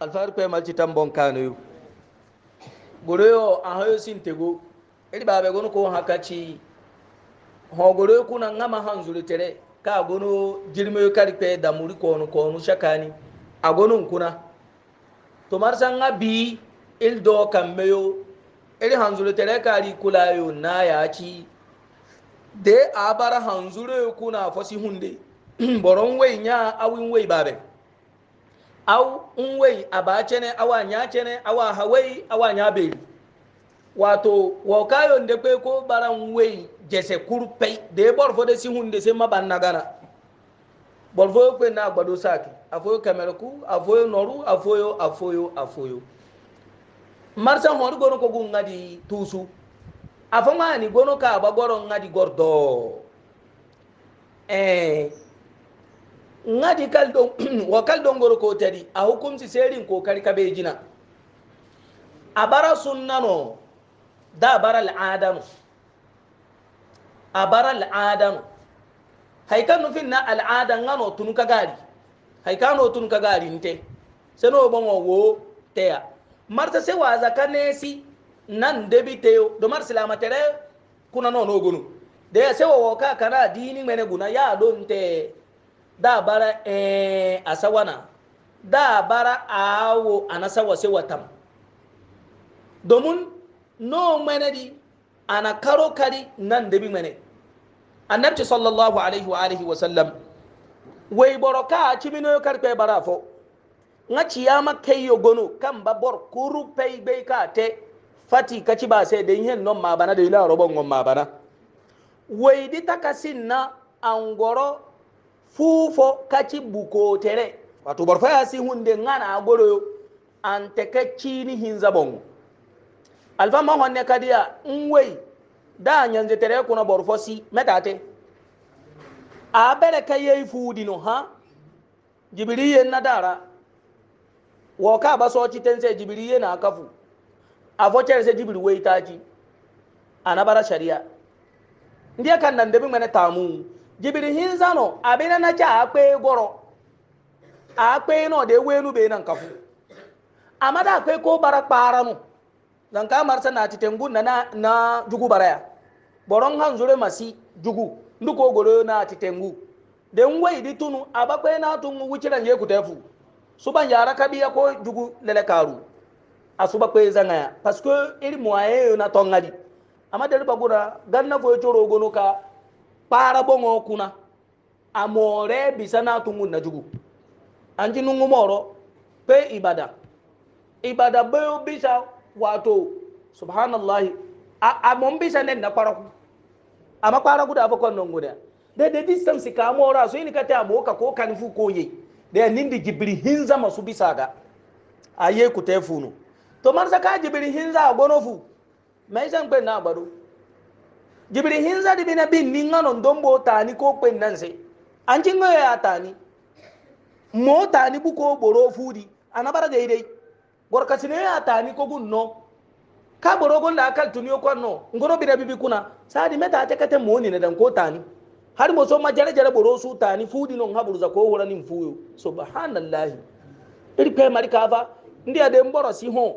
alfahari kwe malci tambon kano yu goroyo a hayo sin tego iri babe gono ko haka ci ho goroyo kuna ngama hanzuri tere ka gono girme yu kari kwe da muri kono kono shakani a gono kuna to marsan nga bi il do kammeyo iri hanzuri tere kari kula yu na ya ci de a bara hanzuri kuna fosi hunde boron wei nya awin wei babe au unwai a ba cene awa nya cene awa hawai awa nya beri wato wakayon nde kai ko baran wai jese kurpai da ya borfo da si hunde sai maban na gana borfo ko na gbado saki afoyo kamerku afoyo noru afoyo afoyo afoyo marsan hor gono ko gun ngadi tusu afama ni gono ka ba goron ngadi gordo eh ngadi kal don wa kal don goro ko tadi a hukumci serin kokari kabe jina a bara sunnano da bara al'adanu a bara al'adanu haikan nufin na al'adan ngano tunu ka gari haikano tunu ka gari nte seno bon wo teya marta se wa zakanesi nan debi teyo do mar silama tere kuna no no gunu de se wo ka kana dini mene guna ya don te da bara eh asawana da bara awo anasawa sai watam domin no menadi ana karo kari nan da bi mene annabci sallallahu alaihi wa alihi wa sallam wai boroka a cimino yo barafo. bara fo nga ciyama kayyo gono kan ba kuru pay be ka te fati kaci ba sai da yin non ma bana da ila robon gon ma bana wai di takasin na angoro fufo kaci bukotere wato barfa ya si hunde ngana goro an teke cini hinza bongo alfa ma honne kadiya nwe da nyanze tere kuna barfo si metate a bere kayi fudi no ha jibriye na dara wo ka ba so ci tense jibriye na kafu a focere se jibiri wei taji anabara sharia ndiye kan nan debi mene tamu jibiri hinzano abena na cha akpe goro akpe no de wenu be nan kafu amada akpe ko bara kpara no zan ka marsa na titengu na na, na jugu baraya boron han zure masi jugu nduko goro na titengu de ngwe idi tunu abakpe na tunu wuciran ye kutefu suban yara kabiya ko jugu lele karu asuba kwe zangaya parce que il moyen na tongadi amada riba gura ganna fo choro gono ka para bongo kuna amore bisana tungun na jugu anji nungu moro pe ibada ibada bisa wato subhanallah a mon bisa ne na kwara ku amma kwara ku da abakon nan guda da da distance ka mora so ni ka ta boka ko kanfu ko ye da nindi jibri hinza masu bisa ga aye ku tefunu to man saka jibiri hinza di bina bin ni ngano ndombo tani ko kwen nan se anji ngoyo ya tani mo tani bu ko boro fudi anabara dai dai gorka sine ya tani ko gunno ka boro gon da akal tuniyo ko no ngoro bira bibi kuna sadi meta ta kate mo ni dan ko tani har mo so ma jare jare boro su tani fudi non haburu za ko wora nin fuyo subhanallahi iri pe mari kafa ndi ade mboro si ho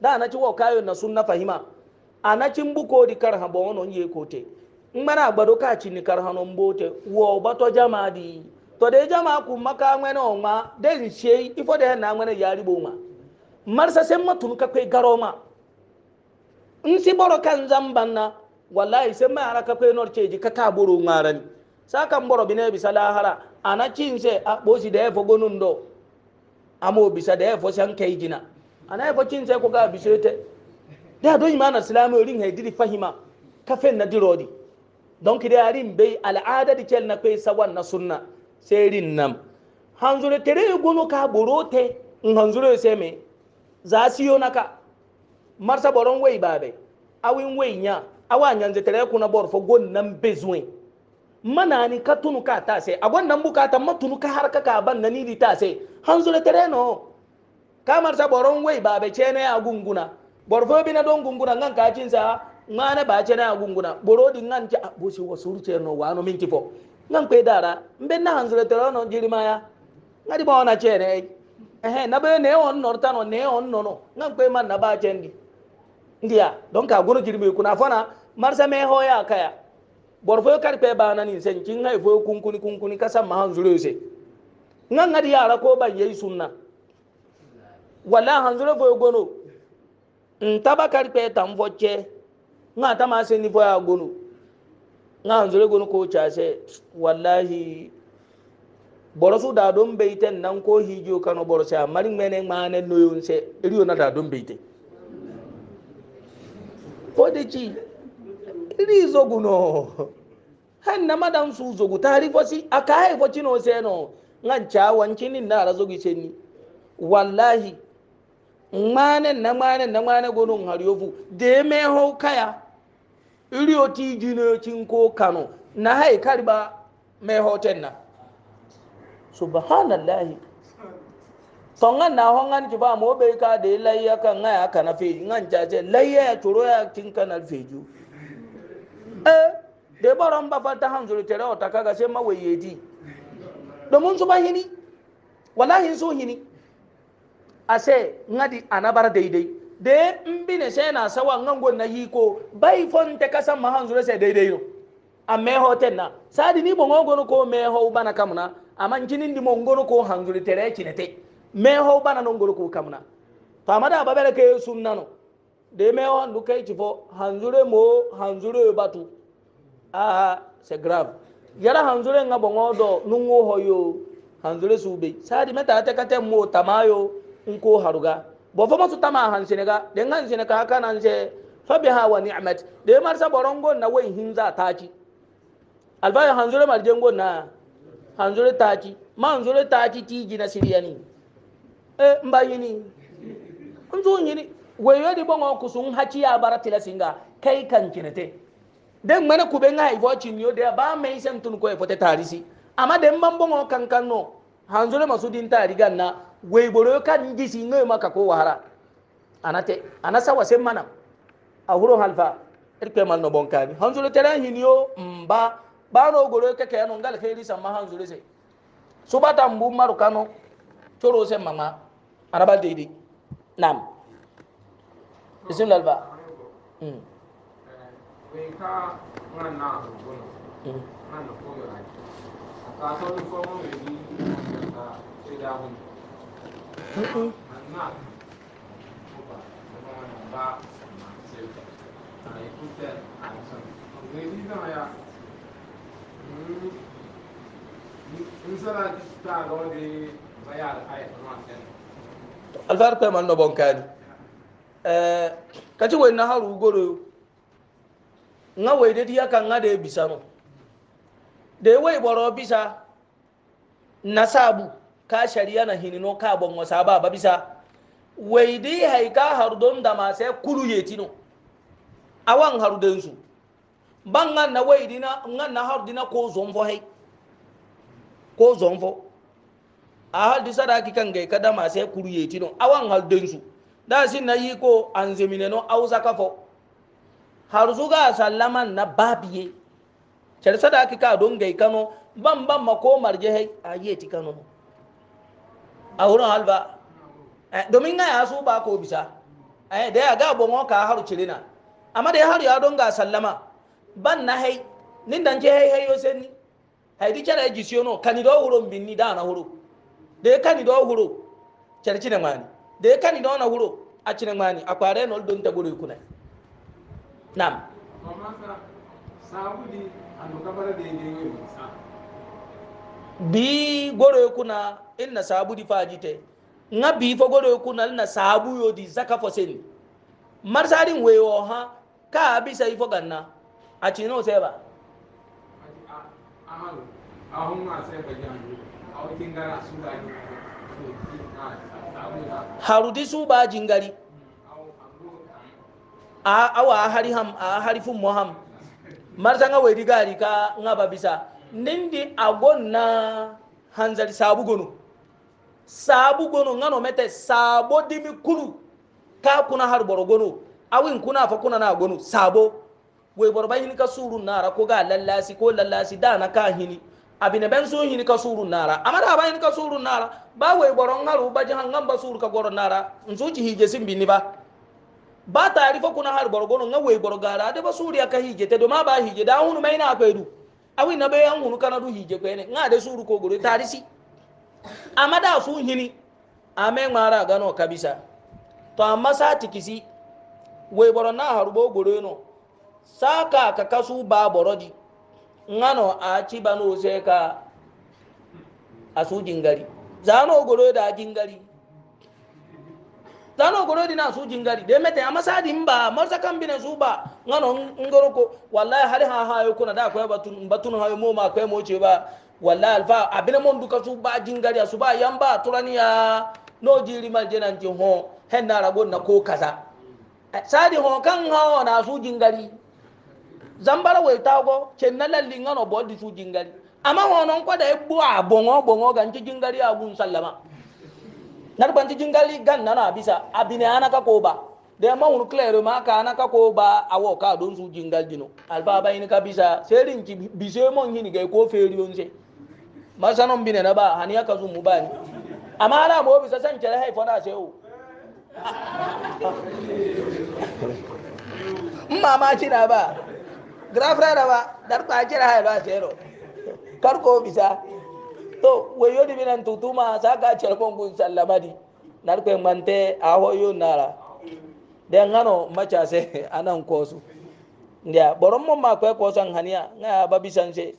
da na ci wo kayo na sunna fahima anacin buko di karha ba wono ye kote ngmana gbado ka chini karha no mbote wo bato jama di to de jama ku maka ngwene onwa de nshei ifo de na ngwene yari bo ma marsa sem matun ka kai garo ma nsi boro kan zamban na wallahi sem ma ara ka kai norce ji ka taburu ngarani saka mboro bine bi salahara anacin se a bosi de fo gonun do amo bisa de fo san kai jina ana fo cin se ko ga bisete da don imana islami orin haidiri fahima kafin na dirodi don ki da yarin bai al'ada da kyal na kai sawan na sunna sai rin nan hanzure tere gono ka borote in hanzure sai me za su yi naka marsa boron wai babe awin wai nya awa nyanze tere kuna borfo gon nan bezwe mana ni ka tunu ka ta sai agon nan bukata matunu ka har ka ban nan ni ta sai hanzure tere no kamar sa boron wai babe ce ne a gunguna borfo bina don gunguna ngan ka cin sa ngana ba cena gunguna borodi ngan ca ah, bosi wasuru ceno wano min tifo ngan kwe dara mbe na hanzure tero no jirimaya ngadi ba ona cene eh. ehe na be ne on norta no ne on no no ngan kwe man na ba cendi ndiya don ka gono jirimi kuna fana marsa me hoya kaya borfo karpe ba na nin sen kin hay fo kunkuni kunkuni kasa ma hanzure se ngan ngadi yara ko ban yayi sunna wala hanzure fo gono ntaba karikpe ta mvɔ cɛ nga ta ma se ni fɔ ya gono nga nzole gono ko case wallahi borosu da don beite nan ko hijo kano borose a mari mene ngmane noyon se riyo na da don beite ko de ci ri zoguno han na madan su zogu tari fosi aka hai foci no se no nga cha wancinin na razogi se ni wallahi ŋmaane na ŋmaane na ŋmaane gono deeme ho kaya iri oti jino chinko kano na hai e kariba me ho tenna subhanallahi tonga na ho ngan jiba mo be ka de layya kan ngaya kana fe ngan jaje layya ya turo ya chinka na feju eh de baron ba fata hanzuru tere otaka ga sai mawayedi domin su ba hini wallahi su hini ase ngadi anabara daidai de mbine sai na sawa ngangon na yiko bai fon te kasa zure se daidai no a meho tenna sadi ni bongo gono ko meho bana kamuna amma jinin di mongono ko hanzure tere kinete meho bana non gono ko kamuna to amada babere ke sunna no de meho ndu kai tifo hanzure mo hanzure batu a se grave yara hanzure nga bongo do nungo hoyo hanzure sube sadi meta te kate mo tamayo nko haruga bo fo masu tama hansene ga den hansene ka haka nan se fa biha wa ni'mat de mar sa borongo na wai hinza taci alfaya hanzure marjengo na hanzure taci ma hanzure taci tiji na siriyani e mba yini nzo yini weyo di bongo kusun hachi ya bara tilasinga kai kan kinete den mana kube nga ifo chinyo de ba mai sem tun ko ifo te tarisi amma den bambongo kankan no hanzure masu din tarigan na weiboro kan gisi ngoy maka ko wahara anate anasa wase mana ahuro halfa irke mal no bonkani hanzulo tere hiniyo mba bano goro ke ke no ngal khairi hanzulo se subata mbu marukano choro se mama araba deidi nam bismillah alba mm we alfar pe man no bon kadi eh kati we na haru goro nga we de dia kan nga de bisano de we boro bisa nasabu ka shari'a na hinino ka bon wasa ba ba bisa wai dai haika hardon da ma sai kulu yetino awan hardon su ban ngan na wai dina ngan na hardina ko zonfo hai ko zonfo a haldi sadaki kan gai kada ma sai kulu yetino awan hardon su da sin na yi ko an zemine no auza kafo har zuga sallaman na babiye charsa da kika don gai kano ban ban mako marje hai a yeti kano awuran halba eh, domin na ya ba ko bisa eh, da ya ga bon ka haru cirina amma da ya haru ya don ga sallama ban na hai nin dan je hai hayo sen ni hai di cara ji siono kani do huro binni da na huro da kani do huro cerci da mani da kani do na huro a cinin mani a kware no don ta gure kuna nam bi goro kuna il na sabu di fajite nga bi fo goro kuna na sabu yo di zaka fo sen mar sarin wewo ha ka bi sai fo ganna a cino sai ba ba harudi su ba jingari hmm, a awa hariham a harifin moham mar sanga wedi gari ka nga ba bisa nindi agon na hanzari sabu gono sabu gono ngano mete sabo dimi kulu ka kuna har boro gono awin kuna fa kuna na gono sabo we boro bayin ka surun nara ko ga lallasi ko lallasi da na ka hini abine ben so hini ka surun nara amara bayin ka surun nara ba we boro ngaru ba jihan ngamba sur ka goro nara nzuci hije simbi ba ba tarifa kuna har boro gono ngawe boro gara de ba suriya ka hije te do ma ba hije da hunu mai na kwedu awi na be yan hunu kana du hije ko ne nga de suru ko goro tarisi amada su hini ame ngara gano kabisa to amma sa tikisi we boro na harubo goro no saka ka kasu ba boro di ngano a ci bano se ka asu jingari zano goro da jingari tano goro dina su jingari de mete amasa sadi mba marsa kan su ba ngano ngoro ko wallahi hali ha ha yo kuna da ko batun batun ha yo mo ma ko mo ce ba wallahi alfa abina mon duka su ba jingari su ba yamba turaniya no jiri mal jenan jin ho hen na rago na ko kaza eh, sadi ho kan ha na su jingari zambara wai tago cenna lalli ngano bodi su jingari amma honon kwada e bu a bongo bongo jingari agun sallama narbanti jingali gan nana bisa abine anaka ko ba de ma wonu claire ma ka anaka ko ba awo ka don su jingal dino alfa hmm. ba ini ka bisa serin ki bise mon hini ga ko feri onse masanon bine na ba hani aka zu mu bani amma ana mo bisa san kere haifo na sai o mma ci na ba grafra na ba dar ba kira haifo sai ro kar ko bisa to weyodi binan tutuma saka cerkongun sallamadi narkoe mante yo nara den hano macase anan kosu ndia boron mo ma kwe kosan haniya nga babisan se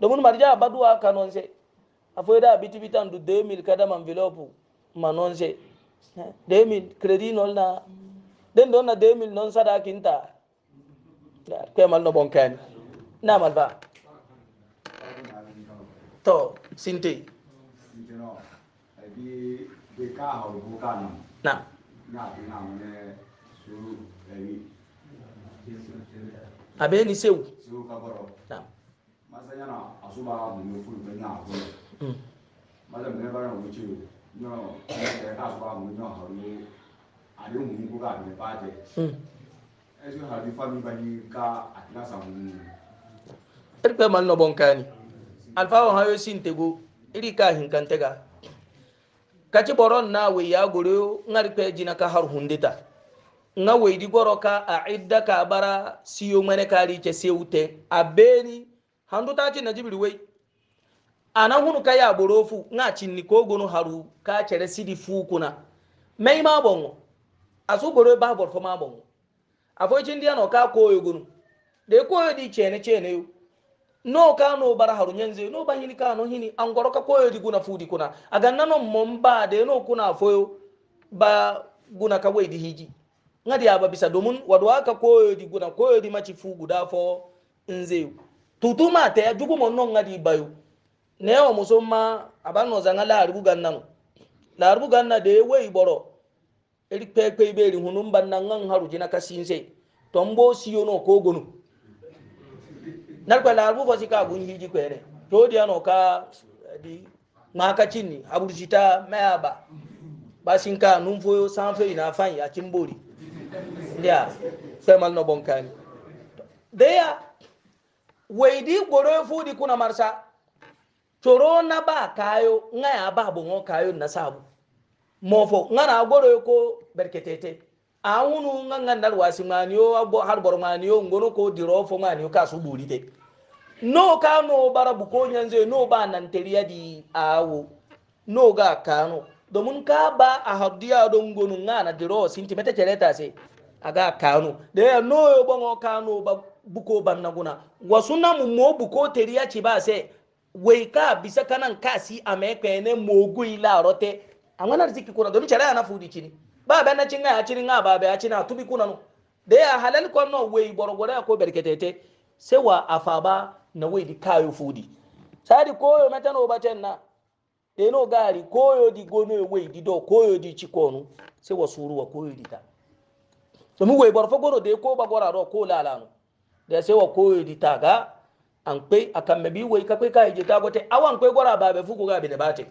domin marja baduwa kanon se afoy da biti bitan du 2000 kada man envelope manon se 2000 eh, credit nol na den don na 2000 non sada kinta kwe mal no bonkan na malba to sinte na abe ni sewu na masanyana asuba mun furu bɛ na ko masa mun ba na wuce no ne ka asuba mun no haru ale mun ko ka ne ba je esu haru fami ba ni ka atla sa mun er pe mal no bonkani alfawa hayo sin ntego iri ka hinkantega kaci boron na wai ya gore ngar jina ka har hundita nga wai di goro ka a idda ka bara siyo mane kari ke seute a beni handu ta ci na jibiri wai ana hunu ka ya borofu nga cinni ko gonu haru ka cere sidi fu kuna mai ma bongo asu boro ba bor fo ma bongo afo cin dia no ka koyo gonu de koyo di cene cene yo no kano bara haru nyenze no banyili kano hini angoro ka koyo guna fudi kuna aga nano momba de no kuna foyo ba guna ka wedi hiji ngadi aba bisa domun ka koyo di guna koyo di machi fugu da fo nze tutuma te jugu monno ngadi bayo ne o musomma abano zanga la arbu gannano la arbu ganna de wey iboro eri pepe beri hunum banna ngang haru jina kasinse tombo siyo no narko la albu fosi ka gun liji kwere to di ano ka di ma ka cinni aburjita mayaba basin ka nun foyo san fe ina fan ya cimbori ya sai mal no bonkani deya weidi gboro di kuna marsa coro na ba kayo ngaya ba bongo kayo na sabu mofo ngana gboro ko berketete awunu ngangan dal wasi maniyo abo har bor maniyo ngono ko diro fo maniyo ka su buri te no ka no bara bu ko nyanze no ba nan teriya di awo no ga kano domin ka ba a hadiya don gonu ngana diro sinti meta cereta se aga kano de no yo bongo kano ba buko banna guna wasuna mu mo buko teriya ci ba se wei ka bisa kanan kasi amekwe ne mogu ila rote amana riziki kuna domin cereta na fudi chini ba be na cinga ya cinin nga ba be ya cina tubi kuna no da ya halal ko no we borogora ko berketete sewa afaba na we di kayo fudi sari koyo mata no baten na de no gari koyo di gono we di do koyo di cikonu sewa suruwa koyo di ta domin we borfo goro de ko ba gora ro ko lalano da sewa koyo di ta ga an kwe akan mabi wai kakwai ka hije ta gote awan kwe gora ba be fuku ga bi da bate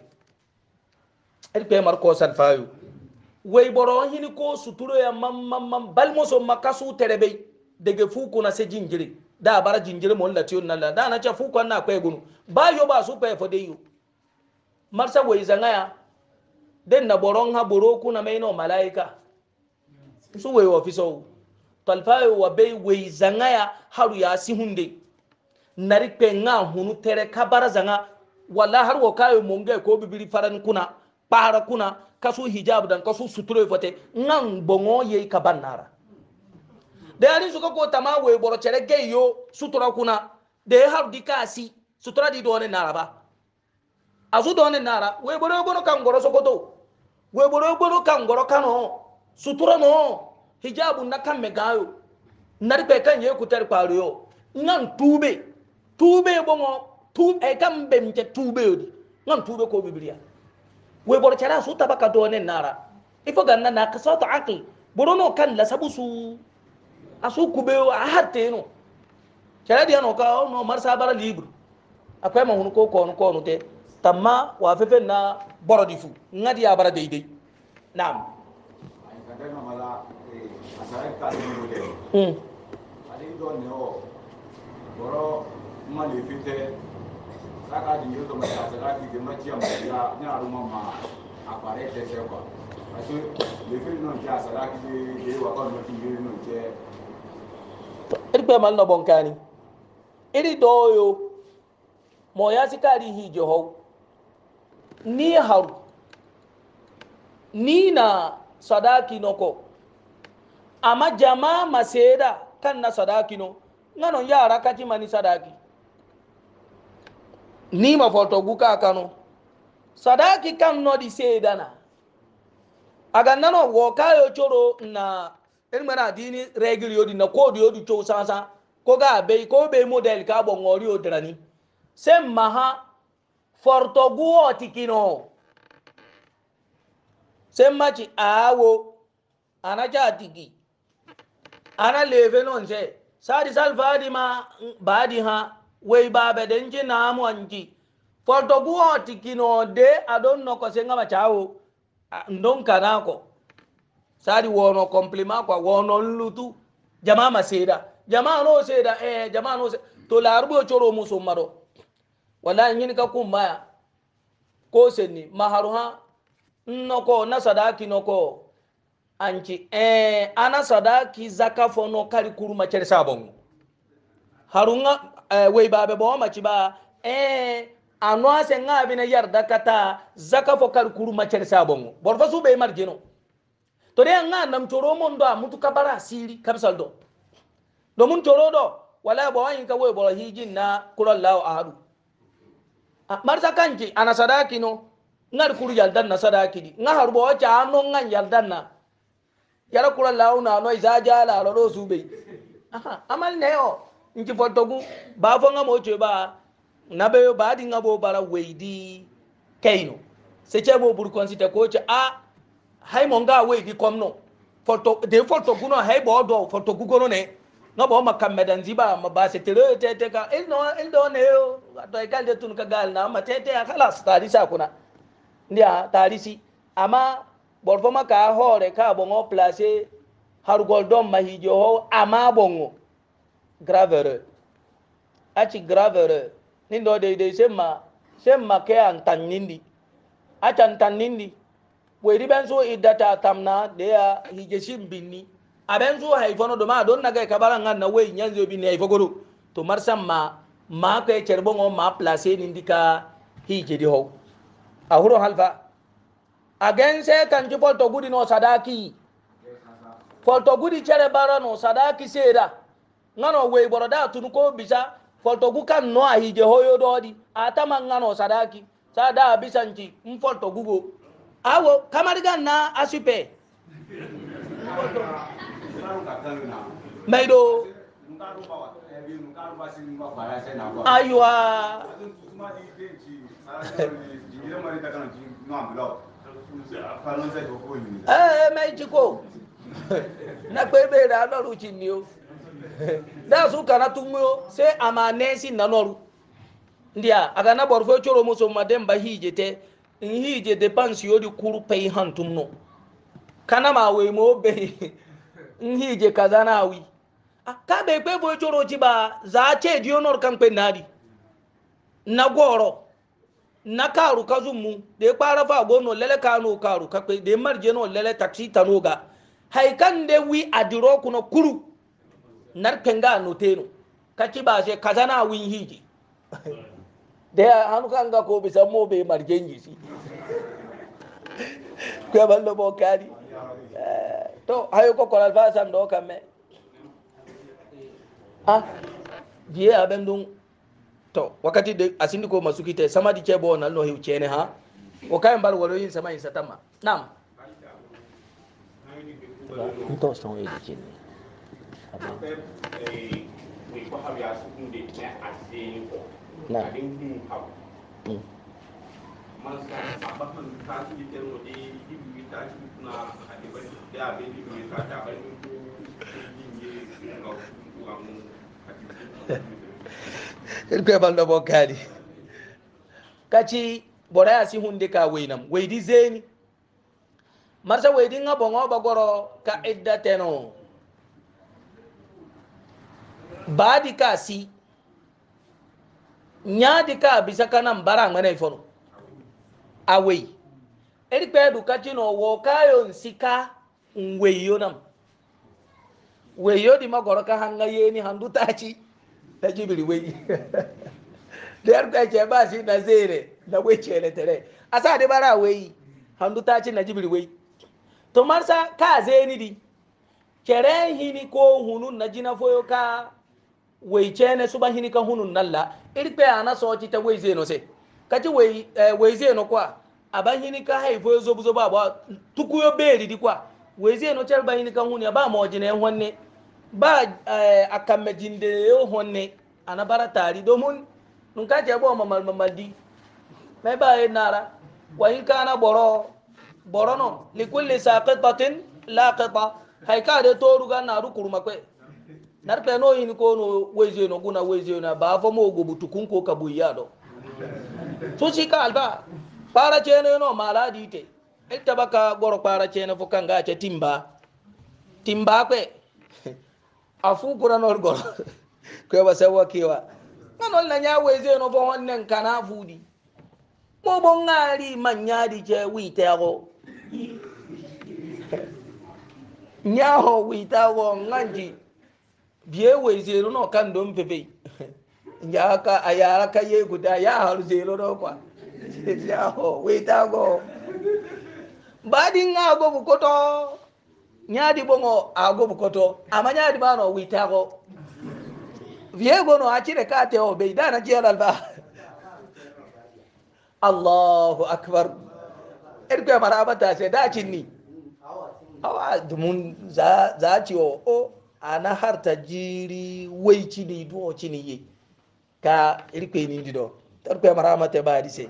wey boro hini ko suturo ya mam mam mam bal mo so makasu terebe dege fu na se jinjiri da bara jinjiri mo lati on nalla da na cha fu na kwe gunu ba yo ba su pe fo yo marsa wey zanga ya den na boron ha boro na mai no malaika su wey wa fiso talfa wa be wey zanga ya haru ya si hunde nari pe nga hunu tere kabara zanga wala haru wo kayo monge ko bibiri faran kuna para kuna kasu hijab dan kasu suture fote nan bongo ye e ka bannara de ari suka ko tama we boro chere ge yo sutura kuna de har di kasi sutura di done nara ba azu done nara we boro gono e kan goro sokoto we boro gono e kan goro kano sutura no hijabu na kan megayo nari pe kan ye ku ter kwaro yo nan tube tube bongo tube e kan be mte tube odi nan tube ko bibilia we bor cara su tabaka done nara ifo ganna na qisatu aql borono kan la sabusu asu kube a hatte no cara dia no ka oh no marsa bara libru akwai mahun ko ko no ko no te tamma wa fefe na borodifu ngadi abara deidei Nam. Mm saka di nyuto ma ta saka di gema tia ma ya nya aruma ma apare te se kwa aso le firi no ja saka di de wa ko no ti yiri no je iri pe mal no bonkani iri doyo mo ya sikari hi joho ni har ni na sadaki noko ama jama maseda kan na sadaki no ngano yara kati mani sadaki ni ma foto guka kano sadaki kan no di sai dana aga nano wo kayo choro na en mana dini regili yodi na kodi yodi cho sansa ko ga be ko be model ka bo ngori odrani sem maha forto guo tikino sem machi awo anaja tigi ana leve non se sadi salvadi ma badi ha wey babe den je namu anji forto buho tikino de adon no ko senga machawo ndon kanako sari wono compliment kwa wono lutu jamaa maseda jamaa no seda eh jamaa no se, to larubo choro muso maro wallahi yin ka kumbaya ko senni maharu nnoko na sadaki noko anci eh ana sadaki zaka fono kali kuruma chere sabon harunga Eh, wai ba ba wa maci ba eh anu ase nga bi na yarda kata zaka fo kar kuru macer sabon bor fa su be marjino to de nga nam toro mon do amutu kabara siri kapsal do do mun toro do wala ba wayin ka wai bor hijin na kurallahu ahadu marsa kanki ana sadaki no ngar kuru yaldan na sadaki di nga harbo wacha anu nga yaldan na yara kurallahu na no izaja la ro su be aha amal ne yo nci fotogu ba fonga mo ce ba na be ba di ngabo bara weidi kaino se ce mo bur konsita ko ce a hay mo nga weidi komno foto de fotogu no hay bo do fotogu gono ne no bo makamedan ziba ma ba se tere tete ka il no il do ne yo to e galde tun ka gal na ma tete khalas tari sa kuna ndia tari si ama borfoma ka hore ka bongo place har goldom mahijo ho ama bongo gravere aci gravere nindo deidei semma semma ke an tannindi aca acha tannindi ɓoyri ɓen su idata tamna deya hije sin binni aɓen su hayfono ɗo ma ɗon nagay kaɓara gan na woyi ñanzoɓi ni hayfogoɗo to mar samma ma koye cherbongo ma placé nindi ka hijedi how a huro halfa again se kanci folto gudi no sadaki folto gudi cere bara no sadaki seeda ngano wey boroda tun ko bisa foltogu kan no a hije hoyo doodi atama ngano sadaki sada bisanci n foltogugo awo kamarigan na asipe maido aywa ee mẹ́jì kò na pé bèèrè alọ́run ti ní o. da ka na tumo sai amanesi na noru aga na borfo choro muso madem ba hije te de pansi yodi kuru pay hantum kana ma we mo be hije kazana awi ah, ka be pe bo choro chi ba za che di onor kan pe nadi na goro na karu kazumu de kpara fa gono lele kanu karu kakpe de marje no lele tanoga de wi adiro kuno kuru narkenga noteno kacci base kasana win hiji de hanu kanga ko bisa mo be marjenji si kwa ballo bo kari eh, to hayo ko koral fa san do kamme ah die aben dun to wakati de asindi ko masukite samadi chebo na no hiu chene ha o kayan bal walo yin sama yin satama nam Então estão eles, irkwe bal ɗoɓo kaali kaci ɓoraya si hunde ka weynam weydi zeni marsa weydi ga ɓogo bagoro ka iddateno baadi ka si nyaadi ka bisa kanan bara ŋmene ifono awei eri kpe du kati no wo kayo nsika nweyo nam weyo di magoro ka hanga yeni handu tachi na jibiri weyi der kwe che basi na zere na we chele tere asa de bara weyi handu tachi na jibiri weyi to marsa ka zeni di kere hini ko hunun na jina foyo ka wai chene suba hini ka hunun nalla irpe ana so ci ta wai zeno se kaci wai eh, wai zeno kwa aban hini ka haifo zo zo ba ba tukuyo beri di kwa wai zeno char ba hini ka hunya ba mo jine honne ba eh, akamme jinde yo honne ana bara tari domun nun ka je bo mamal mamaldi mai ba yin e nara wa in kana boro boro no likulli saqitatin laqita haika de toru ga naru kurma kwe narpe no in ko no wezo no guna wezo na ba fo mo go butukun ko ka buya do so si ka alba para chene no mala dite el tabaka goro para chene fo kanga cha timba timba kwe afu kura no goro kwe ba se wa kiwa nano na nya wezo no fo wannan kana fudi mo bon ngari manya di che wi go nyaho wita wo nganji biye wai zero no kan don fefe ya ka a yara ka ye guda ya haru zero no kwa ya ho wai ta go badin nga go bu koto nyaadi bongo ago bu koto ama nyaadi bano wai ta go biye go no achire ka te o be dana je alba Allahu akbar ergo mara abata se da cinni awa dumun za za ciwo o ana harta jiri wai cini duwa cini ye ka irkwe ni dido tarkwe marama te ba dise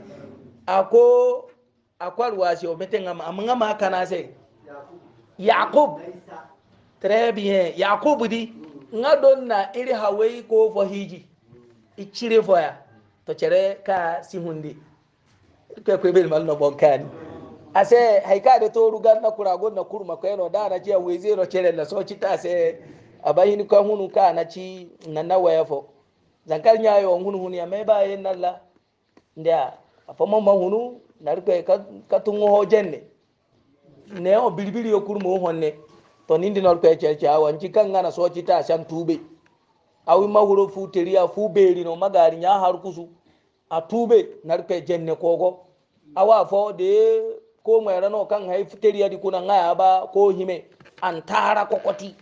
ako akwar wasi o meten am am ngama kana se yaqub très bien yaqub di nga donna iri hawai ko fo hiji ichire fo ya to chere ka sihundi irkwe kwe bel mal no bonkani ase haika da toru gan na kuragon na kurma kweno da na jiya wezero chere na so chita se abahin ka hunu ka na ci na nawa ya fo zankal nya yo hunu hunu ya mai ba yin nalla nda afa mo ma hunu na rike ka ka tungo ho jenne ne o bilibili yo kurmo honne to nindi nol ko cel ci awan ci kan ngana so ci ta san tube awi ma huro fu teriya fu beri no magari nya har kusu a tube na rike jenne kogo awa fo de ko ngwera no kan hay fu teriya di kuna ngaya ba ko hime antara kokoti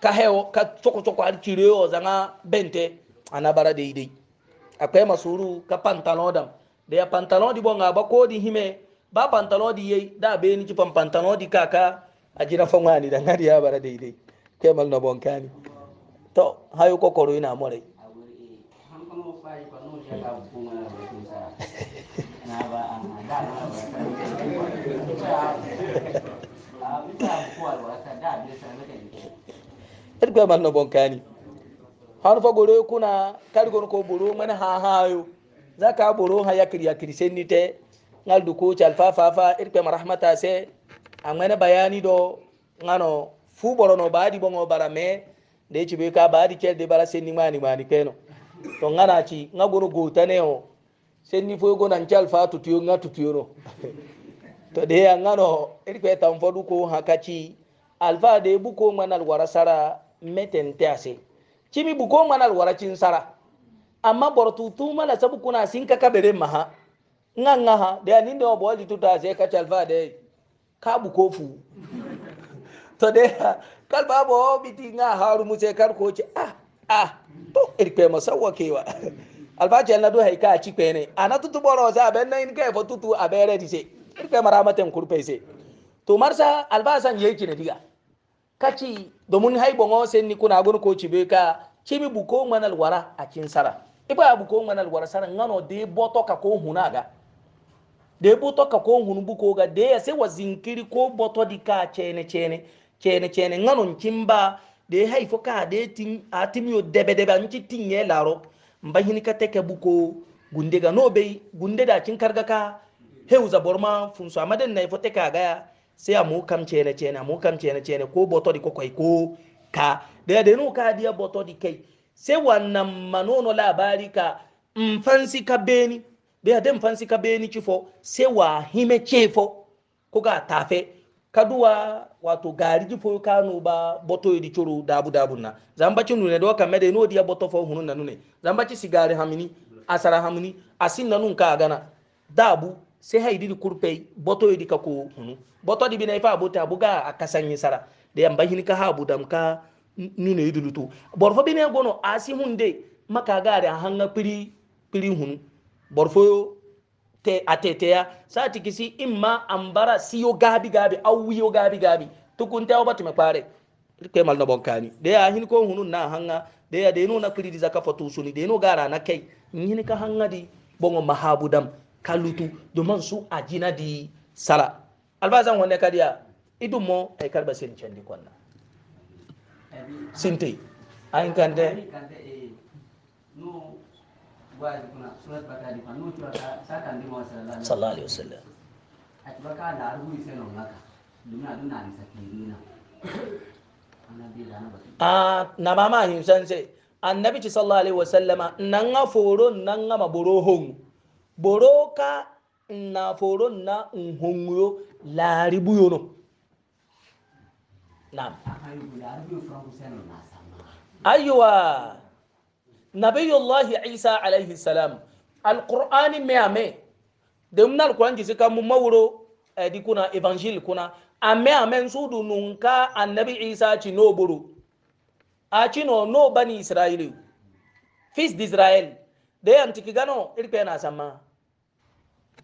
ka heo ka soko soko har cireo zanga bente ana bara dei dei akwai masuru ka pantalon dam da ya pantalon di bonga ba ko di hime ba pantalon di yei da be ni ci pantalon di kaka a jina fangani da ngari ya bara dei dei kai mal na bonkani to hayo kokoro ina more eti kwe man no bonkani han fa goro kuna kar gon ko boro ha ha yo zaka boro ha yakri kiri senni te ngal du ko chal fa fa fa eti kwe rahmata se amana bayani do ngano fu boro no baadi bongo bara me de ci ka baadi kel de bara senni mani mani keno to ngana ci ngagoro gotane o senni fo go nan chal fa tutiyo nga tutiyo no to de ngano eti kwe tan fodu ko hakachi alfa de buko manal warasara Meten ase cimi bugo manal wara cin sara amma bortu tuma la sabu kuna sin ka kabere maha nga nga ha de anin de obo li tuta se ka chalfa de ka bu ko fu to de kalba bo biti nga haru mu se kar ko ci ah ah to irpe masawa kewa albace na do haika ci pe ne ana tutu boro sa ben nan ka fa tutu a bere di se irpe maramatan kurpe se to marsa albasan yake ne diga kaci domin haibon wasan ni kuna gun ko cibe ka kimi buko manal wara a kin sara iba buko manal wara sara ngano de boto ka ko huna ga de boto ka ko hunu buko ga de ya se wazinkiri ko boto di ka chene chene chene chene ngano nkimba de haifo ka de tin atimyo debe debe anchi tinye laro hini ka teke buko gunde ga nobe gunde da kin karga ka heuza borma funso amaden na ifo teka ga sai amu kam cene cene amu kam cene cene ko boto di ko ko ka da mm, da nu dia boto di kai sai wannan manono labari ka mfansi ka beni da da mfansi ka beni cifo sai wa hime cefo ko ga tafe kaduwa wato gari jifo kanu ba boto di churu dabu dabu na zambaci nune do ka mede no dia boto fo hunun na nune zambaci sigari hamini asara hamini asin na nun ka gana dabu se haididi kurpey boto yidi ka ko hunu boto di bina ifa abuta buga akasanyi sara de yamba hini ka habu dam ka nune yidi lutu borfo bina gono asi hunde maka da hanga piri piri hunu borfo te ateteya sati kisi imma ambara yo gabi gabi yo gabi gabi tukunte obatu mepare ke mal na bonkani de ya hin ko hunu na hanga de ya de no na piri di zaka fatu suni de no gara na kai hin ka hanga di bongo mahabudam kalutu domin su ajina di sala albasan wanda kariya idu mo ay karba sin candi konna sinte ayin kande e, sallallahu alaihi wasallam atbaka da arbu sai non maka domin adun na ni sakirina a na mama hin san sai annabi sallallahu alaihi wasallama nan ga foro nan ga maboro hon boroka na foro na nhonyo laribu yono naam aywa nabiyullahi isa alayhi salam alqur'ani meame demna alquran jisi kamu mawuro edi eh, kuna evangile kuna ame ame nsudu nunka annabi isa ci noboro a cino no bani israeli fils d'israel de antikigano irpe na sama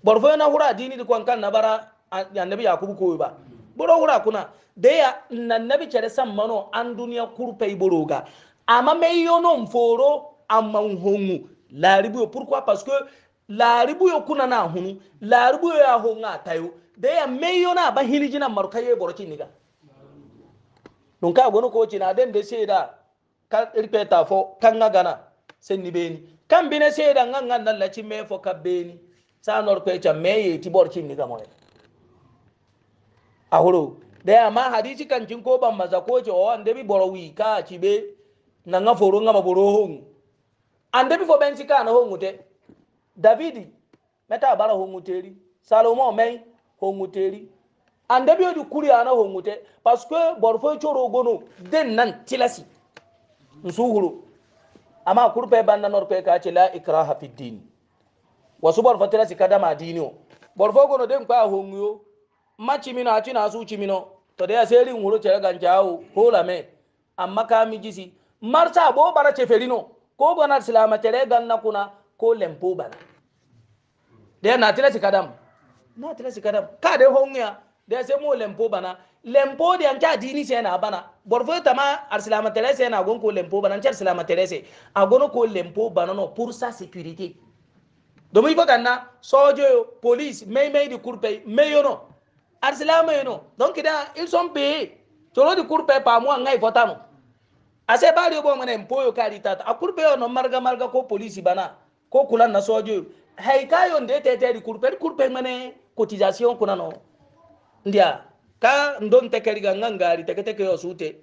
borfo na hura dini dikon kan na bara annabi yakubu koyo ba boro hura kuna da ya nannabi cere san mano an duniya kurfai boro ga amma mai yono mforo amma hongu laribu pourquoi parce que laribu yo kuna na hunu laribu ya ho nga tayo da ya mai yona ba hilijina markaye borki niga don ka gono ko ci na den de seda ka ripeta fo kan gana sen ni beni kan bine seda ngangan nan la ci me fo ka beni sa nor ko ta meye ti bor cin ni ga mo a horo da ma hadisi kan cin ko ban maza ko ce o oh, ande bi boro wi ka ci be na nga foro nga maboro hon ande bi fo ben ci ka na hon gute davidi meta bara hon guteri salomo mai hon guteri ande bi odi kuri ana hon gute parce que bor fo e choro gono den nan tilasi nsuhuro amma kurpe banda nor ko ka ce la ikraha fid din wasu borfo tere sika dama dini o borfo gono den kwa hongiyo ma chimino achi na asu chimino to de aseri nguru chere ganja o hola me amma ka mi jisi marsa bo bara cheferino ko gonar silama tere ganna kuna ko lempo bana de na tere sika dam na tere sika dam ka de hongiya de se mo lempo bana lempo de anka dini se na bana borfo tama arsilama tere se na gon ko lempo bana char silama tere se agono ko lempo bana no pour sa sécurité domin ifa ganna sojoyo polis, mai mai di kurpe mai yono arsilama yono don kida ils sont payés toro di kurpe pa mo ngai fotano ase bari bo mane mpoyo kari tata a kurpe yono marga marga ko polisi bana ko kulan na sojoyo hay kayo nde tete di kurpe kurpe mane cotisation kuna no ndia ka ndon tekeri ga ngangari teke teke yo sute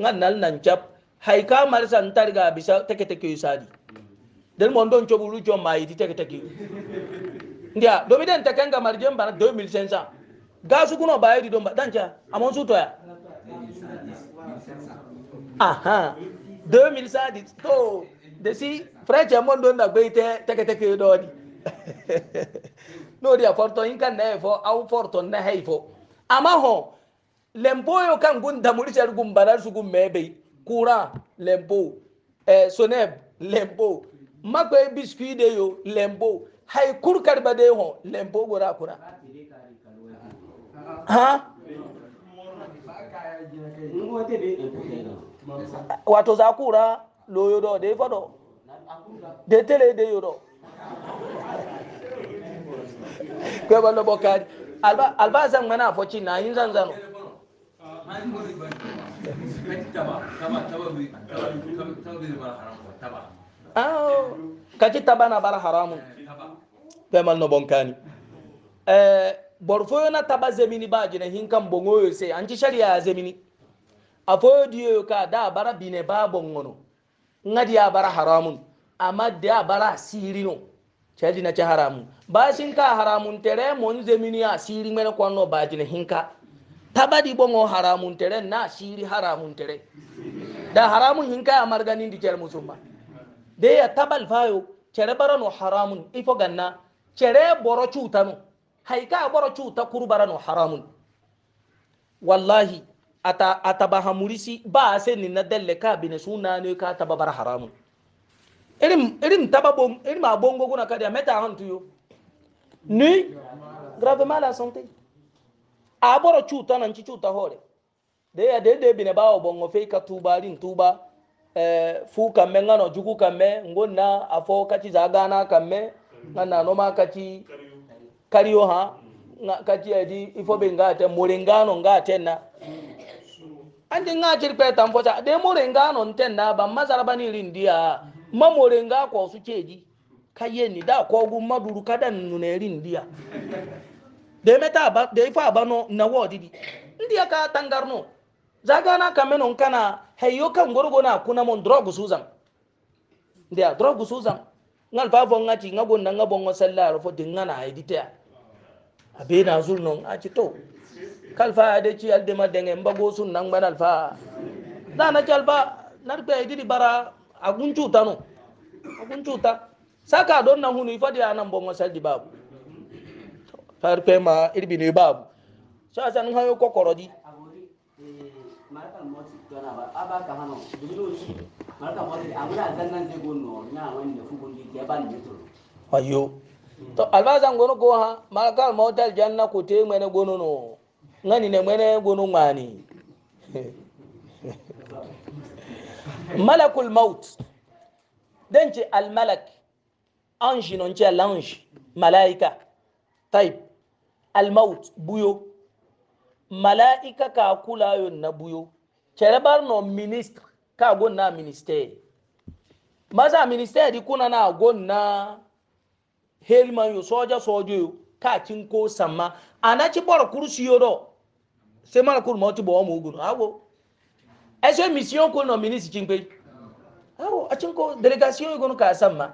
nganal nan chap hay ka marsa ntarga bisa teke teke yo sadi del mon don cobu lu jomma yiti teke teki ndia domi den teke nga marje mbana 2500 gasu kuno baye di domba dancha amon suto ya aha 2110 to de si freche mon don da gbeite teke teke do di no dia forto inka na efo au forto na heifo ama ho lempoyo kan gunda mulisha gumbalar su gummebe kura lempo eh soneb lempo makwe biskwi de yo lembo hay kur karba de ho lembo gora kura ha wato za kura loyo do de fado de tele de yo do kwe ballo bokari alba alba zan mana foci na yin zan zano taba taba taba taba taba taba taba taba taba ah oh. kaci tabana bara haramu, pemal no bonkani eh borfoyo na taba zemini ba jina hinkan bongoyo se anci sharia zemini afoyo diyo ka da bara bine ba bongono ngadi ya bara haramun amma da bara sirino cedi na ci haramu. ba ka haramun tere mon zemini ya siri mena kwano ba jina hinka taba di bongo haramun tere na siri haramun tere da haramun hinka amarganin dikel musulman de ya tabal fayo cere barano haramun ifo ganna cere boro cuta no haika boro cuta kuru barano haramun wallahi ata ata ba hamurisi ba ase ni na delle ka bine suna ne ka taba bar haramun irin irin taba bom irin ma bongo guna ka da meta hantu yo ni grave mala santé a boro nan ci cuta hore de ya de de bine bawo bongo fe ka tuba rin tuba eh, fu kamme ngano jugu kamme ngonna afo kaci zagana kamme ngana noma kaci kariyo ha kaci edi ifo be ngate morengano ngate na andi nga ciri pe tan fosa de morengano ntenna ba masara bani rindia ma morenga ko su ceji kayeni da ko gu maduru kadan nune rindia de meta ba de ifa bano na wodi di ndia ka tangarno zagana kamen on kana hayo kan gorgona kuna mon drogu suzan dia drogu suzan ngal babo ngati ngago na ngabo ngo sallar fo dingana aidita abe na zul non a ci to kalfa ade ci alde ma denge mbago sun nan ban alfa da na ci alfa nar be aidiri bara agun cuta no agun cuta saka don nan hunu ifadi anan bongo saldi babu far pema irbi ne babu sa san hayo kokoro di dona to ayo to albaza ngono go ha marka mo dal janna ko te mene gono no ngani ne mene gono ngani malakul maut denci al malak ange non ci l'ange malaika type al maut buyo malaika ka kula yon na buyo chere bar no ministre ka go na ministere, maza ministere di kuna na go na helman yo soja sojo yo ka cin ana samma anachi bor kursi yo do se mara kuru moti bo mo guru awo ese mission ko no ministre cinpe awo acin ko délégation yo go ka samma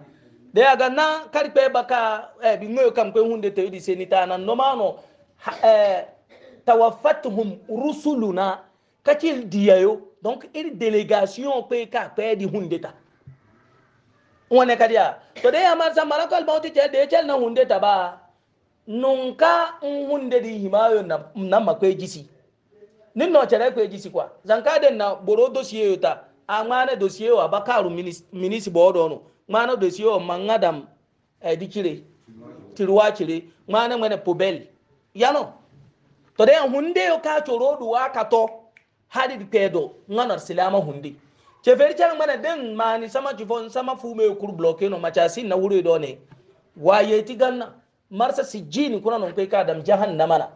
de aga na karikpe baka eh, bi ngoyo kam kwe hunde te yudi senita na nomano ha, eh, tawaffatuhum rusuluna kati diya yo donc iri délégation pe ka pe di hunde ta wane kadiya to dai amar san malakal mauti ce da ya na hunde ba nunka in hunde di himayo na na makwe jisi nin no chere kwe jisi kwa zanka den na boro dossier yo ta amana ah, dossier yo abakaru minisi bodo no mana dossier yo mangadam e eh, dikire tirwa kire mana mana pobel yano to dai hunde yo ka choro duwa ka to hadi pedo nganar silama hundi che feri chang mana den mani sama chifon sama fume kur bloke no machasi na wuri do ne waye tiganna marsa sijini kuna non kai kadam jahannama na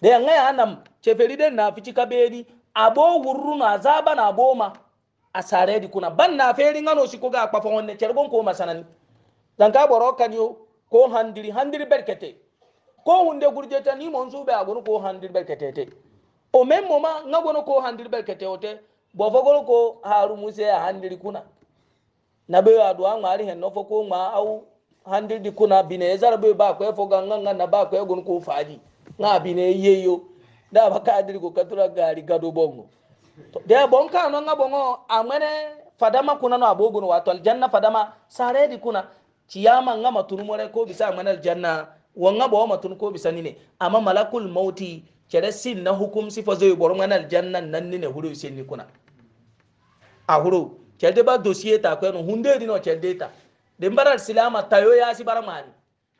da ngaya anam che feri den na fici kabedi abo wurru na azaba na boma a sare di kuna ban na feri ngano shi ko ga kpafa wonne cherbon ko masanani dan ka boro kanyo ko handiri handiri berkete ko hunde gurjeta ni monsu be agonu ko handiri berkete te o men mo nga gono ko handir bel kete ote bo fogoro ko haru muse a handir kuna na be adu an ngari hen no foko ma au handir di kuna bine zar be ba ko foga nganga na ba ko gon ko faji nga bine yeyo da ba ka dir ko katura gari gado bongo de bon ka no nga bongo amene fadama kuna no abogun wato aljanna fadama sare di kuna ciyama nga matun more ko bisa amene aljanna wanga bo matun ko bisa nine amma malakul mauti kere sin na hukum si fazo yoboro ngana aljanna nan ni ne huro sen ni kuna a huro kere de ba dossier ta ko hunde di no kere ta de mbara silama tayo ya si bara mani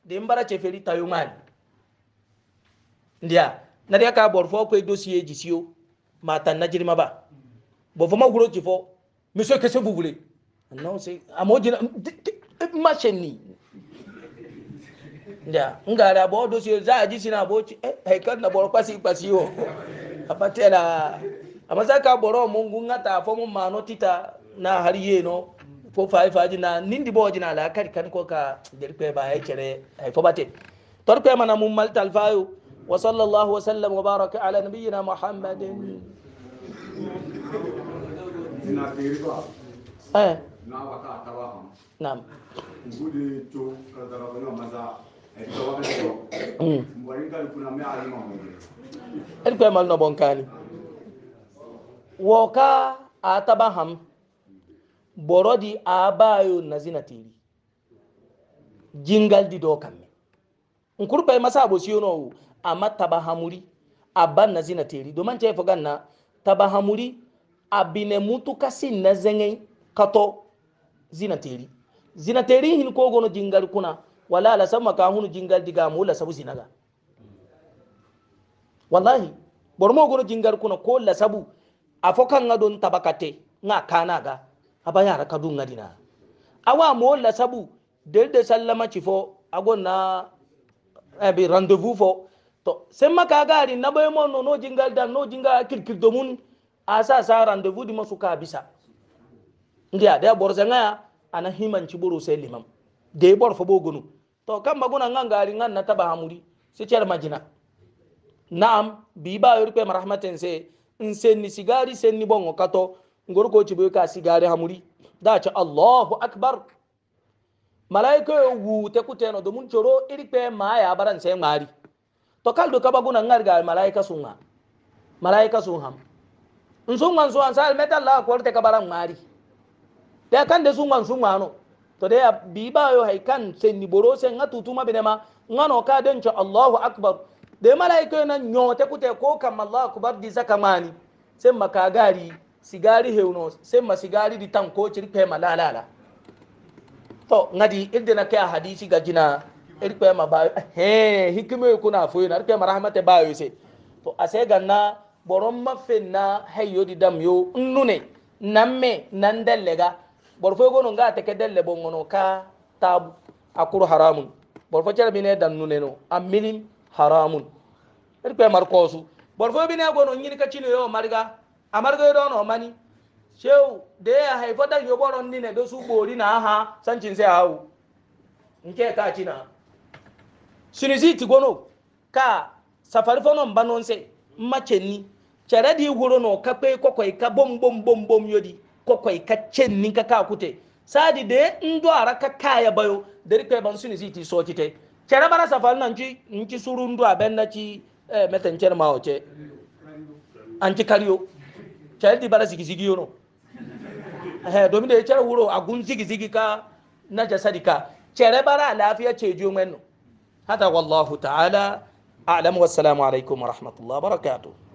de mbara cheferi tayo mani ndia na dia ka bor fo ko dossier jisio ma tan na jirma ba bo fo ma huro ki fo monsieur qu'est-ce que vous voulez non c'est à ma chaîne da ngara bo do si za ji sina bo ci eh haikar na boro kwasi kwasi yo apatela amasa ka boro mungu ngata fo mun mano tita na har ye no fo fai faji na nindi bo na la kar kan ko ka dirpe ba hay kere hay fo bate torpe mana mun mal talfayo wa sallallahu wa sallam wa baraka ala nabiyyina muhammadin ina tiri eh na wata tawa nam gude to kadara bana maza ɛdi kɔɛ mali nɔbɔ nkaani wɔka ataba ham bɔrɔ di abaayo nazina teri jingal di dɔɔ kanmi nkuru pɛ masa abosiyo nɔ o ama taba hamuri aba nazina teri doman cɛ fɔ ka na taba hamuri abinɛ na zɛŋɛ katɔ zina teri hin kogono jingal kuna wala la sama ka hunu jingal diga mu la sabu zinaga wallahi bormo goro jingar kuna ko la sabu afokan nga don tabakate nga kana ga aba abayara kadu dun ngadina awa mo la sabu del de sallama ci chifo agonna bi rendez-vous fo to semma na naboy e mo no no jingal dan no jinga kirkir mun asa sa rendez-vous di masuka bisa ndiya da borza nga ana himan ci buru sai limam de bor fo gonu to kamba guna nganga ali nganna taba hamuri se chal majina naam biba yorpe marahmaten se nsenni sigari senni bongo kato ngor ko cibe ka sigari hamuri da ci allahu akbar malaika wu te kuteno domun choro pe ma ya baran se ngari to kaldo kaba guna ngarga malaika sunga malaika sun ham nsunga nsuwa nsal metal la ko te kabaran ngari te kande sunga sunga no to de biba yo hay kan sen ni boro sen ngatu tuma benema ngano ka den cho Allahu akbar de malaika na nyote kute ko kam Allahu akbar di zakamani sen makagari sigari heuno sen ma sigari di tanko ciri pe malalala to ngadi ilde na ka hadisi ga jina irpe ma ba he hikime kuna foyo na irpe ma rahmate ba yo se to ase ganna boron mafenna hayo di dam yo nnune namme nan lega. borfo gono nga teke delle bongono ka tabu akuru haramun borfo cere bine dannu neno aminim haramun eri kwe mar kosu borfo bine gono nyini ka chino yo marga amarga yo no mani shew de ya haifo da yo boro ndi ne do bori na aha sancin se hawo nke ka china sinizi ti ka safari fono mbanonse macheni cere di huro no kakpe kokoi ka bom bom bom bom yodi kokoy kaccen nin ka ka kute sadi de ndo ara ka kaya bayo dari pe ban suni ziti so kite kera bara safal nan ci nci suru ndo aben na ci eh meten cer ma oce anci kariyo cer di bara zigi zigi yono eh domin da cer wuro agun zigi zigi ka na jasadi ka cere bara lafiya ce jo menno hada wallahu ta'ala a'lam wassalamu alaikum wa rahmatullahi wa barakatuh